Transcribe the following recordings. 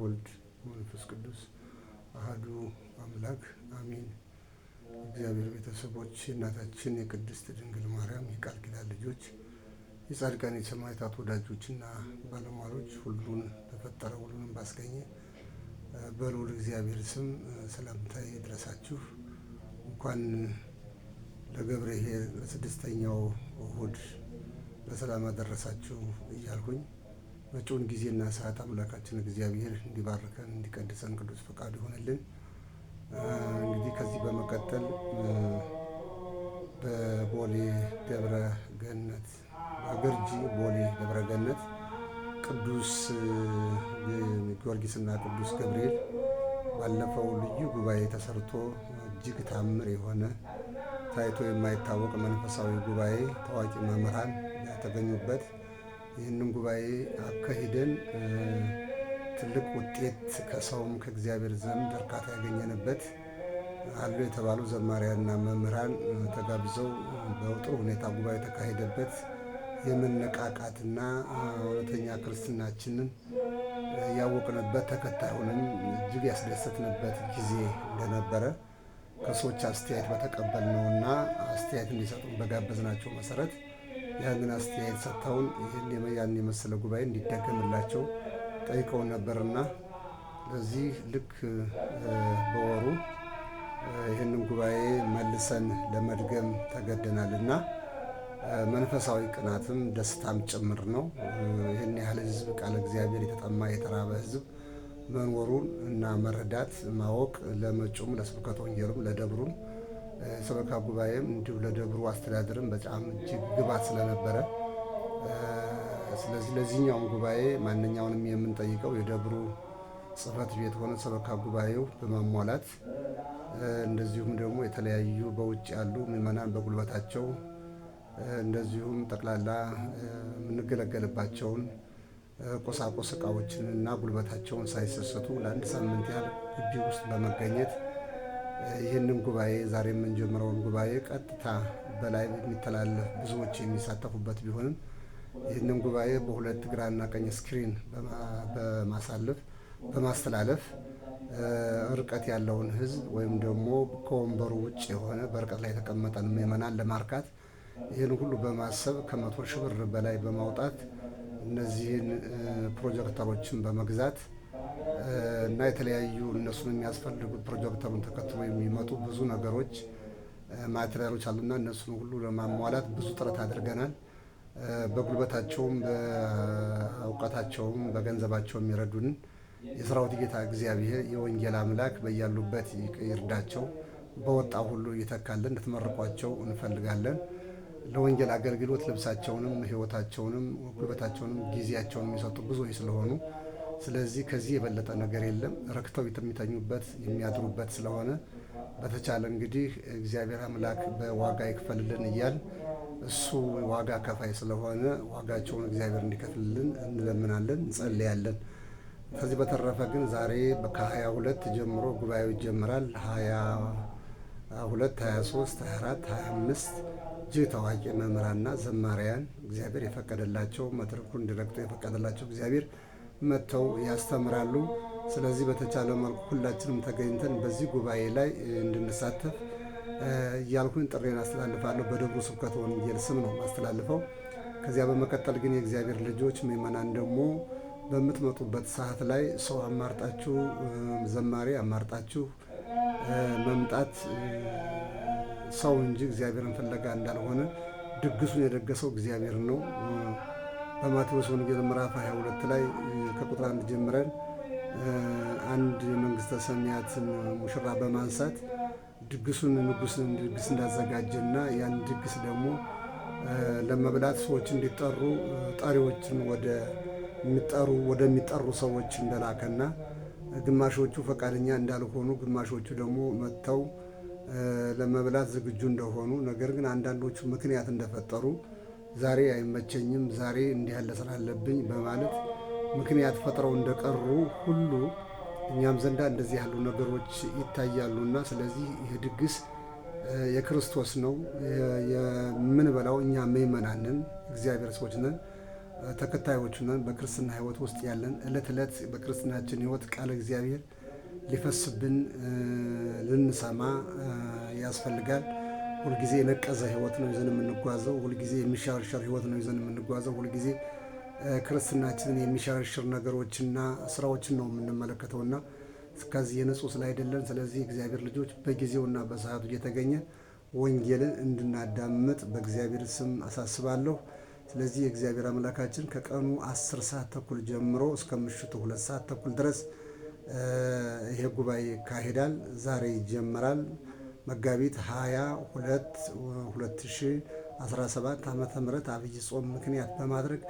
ወልድ መንፈስ ቅዱስ አህዱ አምላክ አሚን። እግዚአብሔር ቤተሰቦች፣ የእናታችን የቅድስት ድንግል ማርያም የቃል ኪዳን ልጆች፣ የጻድቃን የሰማዕታት ወዳጆችና ባለሟሎች፣ ሁሉን በፈጠረ ሁሉንም ባስገኘ በልዑል እግዚአብሔር ስም ሰላምታ ይድረሳችሁ። እንኳን ለገብረሄ ስድስተኛው እሁድ በሰላም አደረሳችሁ እያልሁኝ። መጪውን ጊዜና ሰዓት አምላካችን እግዚአብሔር እንዲባርከን እንዲቀድሰን ቅዱስ ፈቃዱ ይሆንልን። እንግዲህ ከዚህ በመቀጠል በቦሌ ደብረ ገነት በገርጂ ቦሌ ደብረ ገነት ቅዱስ ጊዮርጊስና ቅዱስ ገብርኤል ባለፈው ልዩ ጉባኤ ተሰርቶ እጅግ ታምር የሆነ ታይቶ የማይታወቅ መንፈሳዊ ጉባኤ ታዋቂ መምህራን የተገኙበት ይህንን ጉባኤ አካሂደን ትልቅ ውጤት ከሰውም ከእግዚአብሔር ዘንድ እርካታ ያገኘንበት አሉ የተባሉ ዘማሪያንና መምህራን ተጋብዘው በጥሩ ሁኔታ ጉባኤ የተካሄደበት የመነቃቃትና እውነተኛ ክርስትናችንን ያወቅንበት ተከታዩንም እጅግ ያስደሰትንበት ጊዜ እንደነበረ ከሰዎች አስተያየት በተቀበልነውና አስተያየት እንዲሰጡን በጋበዝናቸው መሰረት የህግን አስተያየት ሰጥተውን ይህን ያን የመሰለ ጉባኤ እንዲደገምላቸው ጠይቀው ነበርና በዚህ ልክ በወሩ ይህንን ጉባኤ መልሰን ለመድገም ተገደናልና መንፈሳዊ ቅናትም ደስታም ጭምር ነው። ይህን ያህል ህዝብ ቃለ እግዚአብሔር የተጠማ የተራበ ህዝብ መኖሩን እና መረዳት ማወቅ ለመጪውም ለስብከተ ወንጌሉም ለደብሩም ሰበካ ጉባኤም እንዲሁ ለደብሩ አስተዳደርም በጣም እጅግ ግባት ስለነበረ ስለዚህ ለዚህኛውም ጉባኤ ማንኛውንም የምንጠይቀው የደብሩ ጽህፈት ቤት ሆነ ሰበካ ጉባኤው በማሟላት እንደዚሁም ደግሞ የተለያዩ በውጭ ያሉ ምዕመናን በጉልበታቸው እንደዚሁም ጠቅላላ የምንገለገልባቸውን ቁሳቁስ እቃዎችንና ጉልበታቸውን ሳይሰሰቱ ለአንድ ሳምንት ያህል ግቢ ውስጥ በመገኘት ይህንን ጉባኤ ዛሬ የምንጀምረውን ጉባኤ ቀጥታ በላይ የሚተላለፍ ብዙዎች የሚሳተፉበት ቢሆንም ይህንን ጉባኤ በሁለት ግራና ቀኝ ስክሪን በማሳለፍ በማስተላለፍ እርቀት ያለውን ህዝብ ወይም ደግሞ ከወንበሩ ውጭ የሆነ በርቀት ላይ የተቀመጠን ምዕመናን ለማርካት ይህን ሁሉ በማሰብ ከመቶ ሺህ ብር በላይ በማውጣት እነዚህን ፕሮጀክተሮችን በመግዛት እና የተለያዩ እነሱን የሚያስፈልጉት ፕሮጀክተሩን ተከትሎ የሚመጡ ብዙ ነገሮች ማቴሪያሎች አሉና እነሱን ሁሉ ለማሟላት ብዙ ጥረት አድርገናል። በጉልበታቸውም በእውቀታቸውም በገንዘባቸው የሚረዱን የሰራዊት ጌታ እግዚአብሔር የወንጌል አምላክ በያሉበት ይርዳቸው፣ በወጣ ሁሉ ይተካልን። እንድትመርቋቸው እንፈልጋለን። ለወንጌል አገልግሎት ልብሳቸውንም ሕይወታቸውንም ጉልበታቸውንም ጊዜያቸውን የሚሰጡ ብዙዎች ስለሆኑ ስለዚህ ከዚህ የበለጠ ነገር የለም። ረክተው የሚተኙበት የሚያድሩበት ስለሆነ በተቻለ እንግዲህ እግዚአብሔር አምላክ በዋጋ ይክፈልልን እያል እሱ ዋጋ ከፋይ ስለሆነ ዋጋቸውን እግዚአብሔር እንዲከፍልልን እንለምናለን፣ እንጸልያለን። ከዚህ በተረፈ ግን ዛሬ ከሀያ ሁለት ጀምሮ ጉባኤው ይጀምራል። ሀያ ሁለት ሀያ ሶስት ሀያ አራት ሀያ አምስት እጅግ ታዋቂ መምህራንና ዘማሪያን እግዚአብሔር የፈቀደላቸው መድረኩን እንዲረግጡ የፈቀደላቸው እግዚአብሔር መጥተው ያስተምራሉ። ስለዚህ በተቻለ መልኩ ሁላችንም ተገኝተን በዚህ ጉባኤ ላይ እንድንሳተፍ እያልኩኝ ጥሬን አስተላልፋለሁ። በደብሩ ስብከት ወንጌል ስም ነው አስተላልፈው። ከዚያ በመቀጠል ግን የእግዚአብሔር ልጆች ምእመናን ደግሞ በምትመጡበት ሰዓት ላይ ሰው አማርጣችሁ፣ ዘማሪ አማርጣችሁ መምጣት ሰው እንጂ እግዚአብሔርን ፍለጋ እንዳልሆነ ድግሱን የደገሰው እግዚአብሔር ነው። በማቴዎስ ወንጌል ምዕራፍ 22 ላይ ከቁጥር አንድ ጀምረን አንድ የመንግስተ ሰማያትን ሙሽራ በማንሳት ድግሱን ንጉስ ድግስ እንዳዘጋጀና ያን ድግስ ደግሞ ለመብላት ሰዎች እንዲጠሩ ጠሪዎችን ወደሚጠሩ ወደሚጠሩ ሰዎች እንደላከና ግማሾቹ ፈቃደኛ እንዳልሆኑ፣ ግማሾቹ ደግሞ መጥተው ለመብላት ዝግጁ እንደሆኑ ነገር ግን አንዳንዶቹ ምክንያት እንደፈጠሩ ዛሬ አይመቸኝም፣ ዛሬ እንዲህ ያለ ስራ አለብኝ በማለት ምክንያት ፈጥረው እንደቀሩ ሁሉ እኛም ዘንዳ እንደዚህ ያሉ ነገሮች ይታያሉና፣ ስለዚህ ይህ ድግስ የክርስቶስ ነው። የምንበላው እኛ ምእመናንን እግዚአብሔር ሰዎች ነን፣ ተከታዮቹ ነን። በክርስትና ሕይወት ውስጥ ያለን እለት እለት በክርስትናችን ሕይወት ቃለ እግዚአብሔር ሊፈስብን ልንሰማ ያስፈልጋል። ሁልጊዜ የነቀዘ ህይወት ነው ይዘን የምንጓዘው። ሁልጊዜ የሚሸርሸር ህይወት ነው ይዘን የምንጓዘው። ሁልጊዜ ክርስትናችንን የሚሸረሽር ነገሮችና ስራዎችን ነው የምንመለከተውና ከዚህ የንጹህ አይደለን። ስለዚህ እግዚአብሔር ልጆች በጊዜውና በሰዓቱ እየተገኘ ወንጌልን እንድናዳምጥ በእግዚአብሔር ስም አሳስባለሁ። ስለዚህ የእግዚአብሔር አምላካችን ከቀኑ አስር ሰዓት ተኩል ጀምሮ እስከ ምሽቱ ሁለት ሰዓት ተኩል ድረስ ይሄ ጉባኤ ይካሄዳል። ዛሬ ይጀመራል። መጋቢት 22 2017 ም አብይ ጾም ምክንያት በማድረግ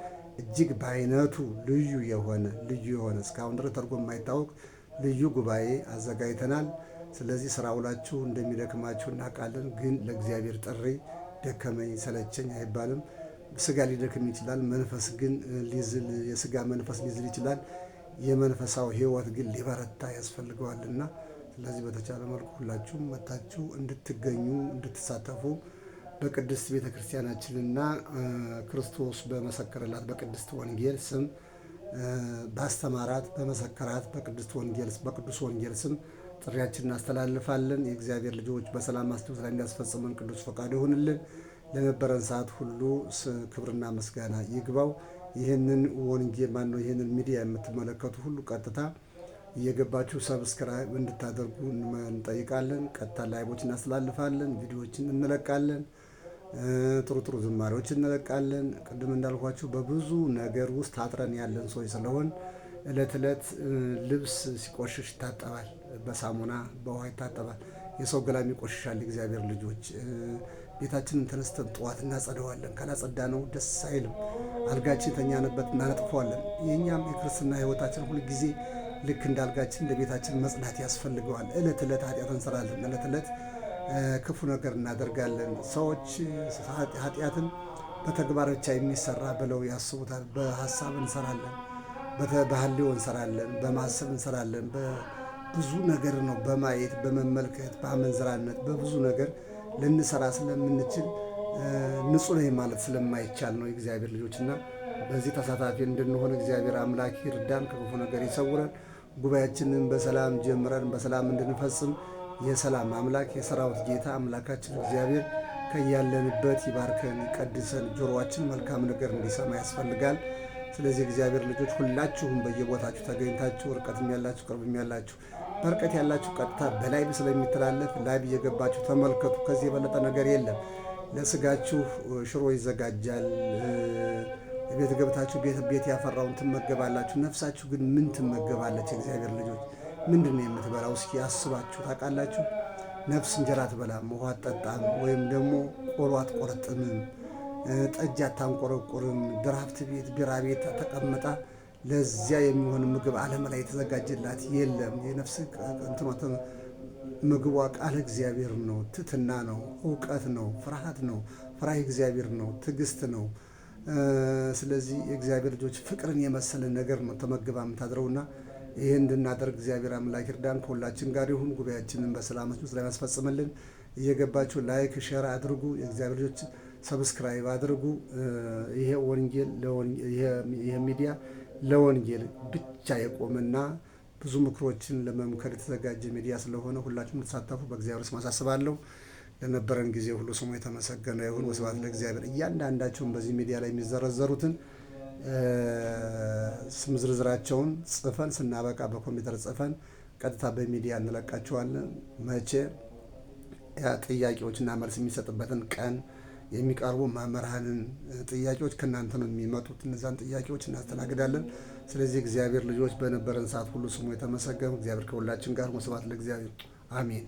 እጅግ በአይነቱ ልዩ የሆነ ልዩ የሆነ እስካሁን ድረስ ተርጎ የማይታወቅ ልዩ ጉባኤ አዘጋጅተናል። ስለዚህ ስራ ውላችሁ እንደሚደክማችሁ እናውቃለን። ግን ለእግዚአብሔር ጥሪ ደከመኝ ሰለቸኝ አይባልም። ስጋ ሊደክም ይችላል፣ መንፈስ ግን ሊዝል የስጋ መንፈስ ሊዝል ይችላል። የመንፈሳዊ ህይወት ግን ሊበረታ ያስፈልገዋልና ለዚህ በተቻለ መልኩ ሁላችሁም መታችሁ እንድትገኙ እንድትሳተፉ በቅድስት ቤተ ክርስቲያናችንና ክርስቶስ በመሰከረላት በቅድስት ወንጌል ስም ባስተማራት በመሰከራት በቅድስት ወንጌል በቅዱስ ወንጌል ስም ጥሪያችን እናስተላልፋለን። የእግዚአብሔር ልጆች በሰላም አስተውት ላይ እንዲያስፈጽመን ቅዱስ ፈቃዱ ይሁንልን። ለነበረን ሰዓት ሁሉ ክብርና ምስጋና ይግባው። ይህንን ወንጌል ማነው ይህንን ሚዲያ የምትመለከቱ ሁሉ ቀጥታ እየገባችሁ ሰብስክራይብ እንድታደርጉ እንጠይቃለን። ቀጥታ ላይቦች እናስተላልፋለን፣ ቪዲዮዎችን እንለቃለን፣ ጥሩ ጥሩ ዝማሬዎች እንለቃለን። ቅድም እንዳልኳችሁ በብዙ ነገር ውስጥ ታጥረን ያለን ሰዎች ስለሆን እለት እለት ልብስ ሲቆሽሽ ይታጠባል፣ በሳሙና በውሃ ይታጠባል። የሰው ገላም ይቆሽሻል። እግዚአብሔር ልጆች ቤታችንን ተነስተን ጠዋት እናጸደዋለን። ካላጸዳ ነው ደስ አይልም። አልጋችን የተኛንበት እናነጥፈዋለን። የእኛም የክርስትና ህይወታችን ሁልጊዜ ልክ እንዳልጋችን ለቤታችን መጽናት ያስፈልገዋል። እለት ዕለት ኃጢአት እንሰራለን። እለት ዕለት ክፉ ነገር እናደርጋለን። ሰዎች ኃጢአትን በተግባር ብቻ የሚሰራ ብለው ያስቡታል። በሀሳብ እንሰራለን፣ በህሌዎ እንሰራለን፣ በማሰብ እንሰራለን። በብዙ ነገር ነው፣ በማየት በመመልከት፣ በአመንዝራነት በብዙ ነገር ልንሰራ ስለምንችል ንጹሕ ነኝ ማለት ስለማይቻል ነው ልጆች ልጆችና በዚህ ተሳታፊ እንድንሆን እግዚአብሔር አምላክ ይርዳን፣ ከክፉ ነገር ይሰውረን። ጉባኤያችንን በሰላም ጀምረን በሰላም እንድንፈጽም የሰላም አምላክ የሰራዊት ጌታ አምላካችን እግዚአብሔር ከያለንበት ይባርከን ይቀድሰን። ጆሮችን መልካም ነገር እንዲሰማ ያስፈልጋል። ስለዚህ እግዚአብሔር ልጆች ሁላችሁም በየቦታችሁ ተገኝታችሁ ርቀትም ያላችሁ ቅርብም ያላችሁ በርቀት ያላችሁ ቀጥታ በላይብ ስለሚተላለፍ ላይብ እየገባችሁ ተመልከቱ። ከዚህ የበለጠ ነገር የለም። ለስጋችሁ ሽሮ ይዘጋጃል። ቤት ገብታችሁ ቤት ያፈራውን ትመገባላችሁ። ነፍሳችሁ ግን ምን ትመገባለች? እግዚአብሔር ልጆች ምንድን ነው የምትበላው? እስኪ አስባችሁ ታውቃላችሁ? ነፍስ እንጀራ አትበላም፣ ውሃ አትጠጣም፣ ወይም ደግሞ ቆሎ አትቆረጥምም፣ ጠጅ አታንቆረቁርም። ድራፍት ቤት፣ ቢራ ቤት ተቀምጣ ለዚያ የሚሆን ምግብ ዓለም ላይ የተዘጋጀላት የለም። የነፍስ እንትኖ ምግቧ ቃል እግዚአብሔር ነው፣ ትትና ነው፣ እውቀት ነው፣ ፍርሃት ነው፣ ፍራህ እግዚአብሔር ነው፣ ትዕግስት ነው ስለዚህ የእግዚአብሔር ልጆች ፍቅርን የመሰለ ነገር ነው ተመግባ የምታድረውና ይህ እንድናደርግ እግዚአብሔር አምላክ እርዳን። ከሁላችን ጋር ይሁን። ጉባኤያችንን በሰላም ውስጥ ያስፈጽምልን። እየገባችሁ ላይክ ሼር አድርጉ። የእግዚአብሔር ልጆች ሰብስክራይብ አድርጉ። ይሄ ወንጌል ይሄ ሚዲያ ለወንጌል ብቻ የቆመና ብዙ ምክሮችን ለመምከር የተዘጋጀ ሚዲያ ስለሆነ ሁላችሁም ተሳተፉ። በእግዚአብሔር ስም አሳስባለሁ። ለነበረን ጊዜ ሁሉ ስሙ የተመሰገነ ይሁን። ወስብሐት ለእግዚአብሔር። እያንዳንዳቸውን በዚህ ሚዲያ ላይ የሚዘረዘሩትን ስም ዝርዝራቸውን ጽፈን ስናበቃ በኮምፒውተር ጽፈን ቀጥታ በሚዲያ እንለቃቸዋለን። መቼ ጥያቄዎችና መልስ የሚሰጥበትን ቀን የሚቀርቡ መምህራንን ጥያቄዎች ከእናንተ ነው የሚመጡት። እነዛን ጥያቄዎች እናስተናግዳለን። ስለዚህ እግዚአብሔር ልጆች በነበረን ሰዓት ሁሉ ስሙ የተመሰገኑ እግዚአብሔር ከሁላችን ጋር። ወስብሐት ለእግዚአብሔር አሜን።